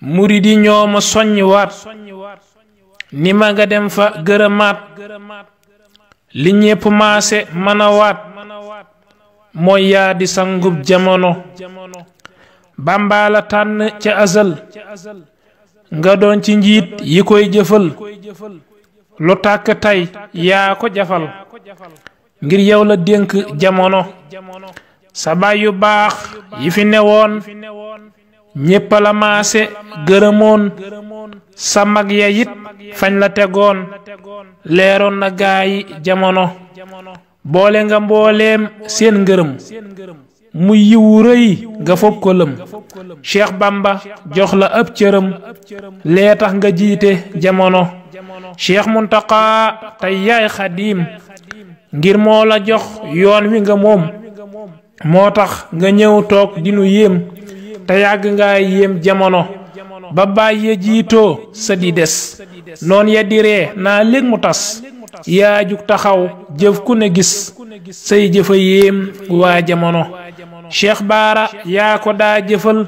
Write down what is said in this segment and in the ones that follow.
murid di ñoo ma soññ waat ni ma nga dem fa gërëmaat li ñépp maase mën a waat mooy yaa di sangub jamono bàmbaa la tànn ca asal nga doon ci njiit yi koy jëfal lu tàkk tey yaa ko jafal ngir yow la dénk jamono sa yu baax yi fi newoon ñépp la maase gërëmoon sa mag ya it fañ la tegoon leeroon na gaayi jamono boole nga mbooleem seen ngërëm mu yiwu rëy nga foog ko lëm jox la ab cëram lee tax nga jiite jamono Cheikh Muntaqa tey yaay xadiim ngir moo la jox yoon wi nga moom moo tax nga ñëw toog di yéem te yàgg nga yéem jamono ba bàyyi jiitoo sa di des noon ya di naa léeg mu tas yaa jug taxaw jëf ku ne gis say jëfa yéem waa jamono Cheikh Baara yaa ko daa jëfal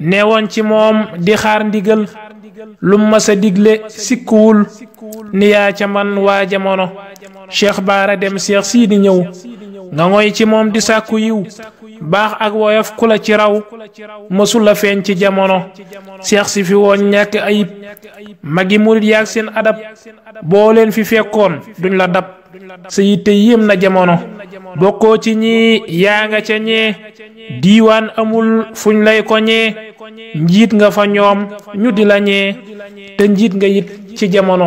newoon ci moom di xaar ndigal lu mas a digle sikkuwul ni yaa ca man waa jamono Cheikh Baara dem Cheikh sii di ñëw nga ngoy ci moom di sàkku yiw baax ak woyof ku la ci raw mësula feeñ ci jamono seex si fi woon ñàkk ayib magi murit yaag seen adab boo leen fi fekkoon duñ la dab sa te yéem na jamono bokkoo ci ñii yaa nga ca ñee diiwaan amul fuñ lay ko ñee njiit nga fa ñoom ñu di la ñee te njiit nga yit ci jamono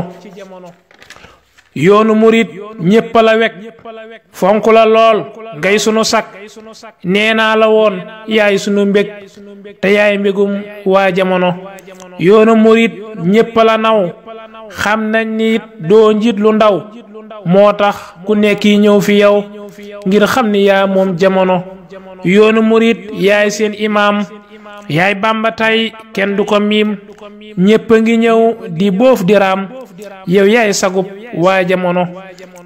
yoonu murit ñépp ñëpp la wekk fonk la lool ngay sunu sakk nee naa la woon yaay sunu mbég te yaay mbégum waa jamono yoonu murit ñëpp la naw xam nañ ni doo njiit lu ndaw moo tax ku nekk yi ñëw fi yow ngir xam ni yaa moom jamono yoonu murit yaay seen imaam yaay bàmba kenn du ko miim ñépp ngi ñëw di boof di raam yaay sagub waa jamono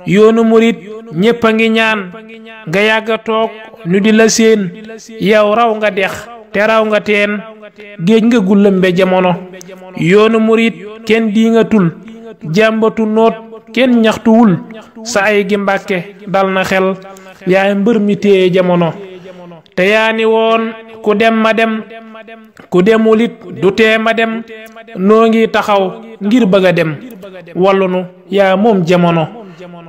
yoonu murit ñépp a ngi ñaan nga yàgga toog nu di la séen yow raw nga dex te raw nga teen géej nga gullambe jamono yoonu murit kenn di nga jàmbatu noot kenn ñaxtuwul sa ay gi mbàkke dal na xel yaay mbër mi téye jamono te yaa ni woon ku dem ma dem ku demulit du tee ma dem noo ngi taxaw ngir bëgg a dem wallunu yaa moom jamono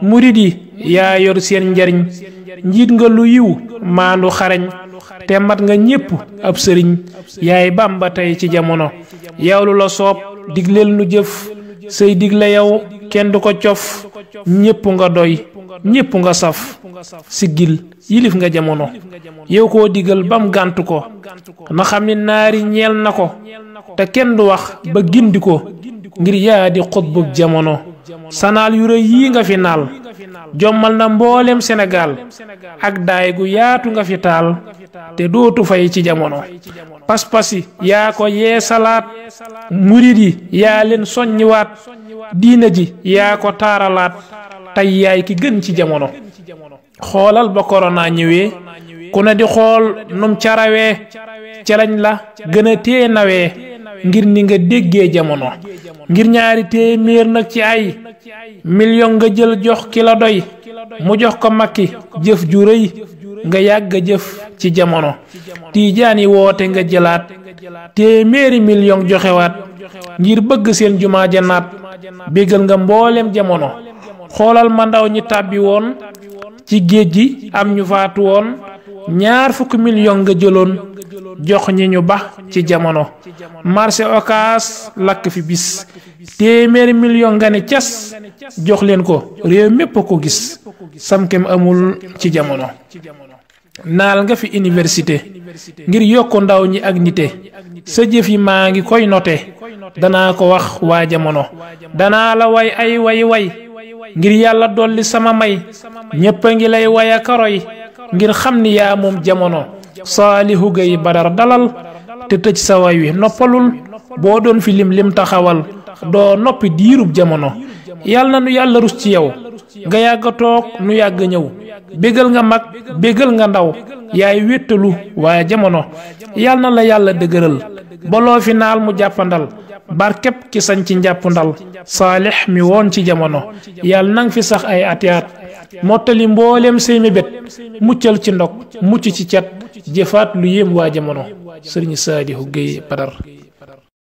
murit di yaa yor seen njariñ njiit nga lu yiw maandu xarañ te mat nga ñépp ab sëriñ yaay ba tey ci jamono yow la soob digleel lu jëf say digle yow kenn du ko cof ñépp nga doy ñépp nga saf gil yilif nga jamono yow koo digal bam gànt ko na xam ni naari ñeel na ko te kenn du wax ba gindi ko ngir yaa di xutbub jamono sa naal yu rëy yii nga fi naal jommal na mboolem Sénégal ak daay gu yaatu nga fi taal te dootu fay ci jamono pas-pas yi yaa ko yeesalaat murit yi yaa leen soññiwaat diina ji yaa ko taaralaat tey yaay ki gën ci jamono xoolal ba korona ñëwee ku ne di xool num carawee ca la gën a tee nawee ngir ni nga déggee jamono ngir ñaari téeméer nag ci ay million nga jël jox ki la doy mu jox ko makki jëf ju rëy nga yàgg jëf ci jamono tiijaan yi woote nga jëlaat téeméeri million joxewaat ngir bëgg seen jumaa janaat bégal nga mbooleem jamono xoolal ma ndaw ñi tàbbi woon ci géej gi am ñu faatu woon ñaar fukki million nga jëloon jox ñi ñu ba ci jamono marché occas lakk fi bis téeméeri million nga ne cas jox leen ko réew mépp a ko gis samkem amul ci jamono naal nga fi université ngir yokk ndaw ñi ak nite sa jëf yi maa ngi koy note danaa ko wax waa jamono danaa la way ay way way ngir yàlla dolli sama may ñépp a ngi lay way a karoy ngir xam ni yaa moom jamono saalihu gay badar dalal te tëj sa way wi noppalul boo doon fi lim lim taxawal doo noppi yiirub jamono yàlla na nu yàlla rus ci yow nga yàgg a toog nu yàgg ñëw bégal nga mag bégal nga ndaw yaay wéttalu waaye jamono yàlla na la yàlla dëgëral baloo fi naal mu jàppandal barkeb ki sañ ci njàppandal saalix mi woon ci jamono yàlla nang fi sax ay atiyaat mottali mbooleem say mébét muccal ci ndog mucc ci cet jëfaat lu yéem waa jamono sëriñ Saalihu Géey Badar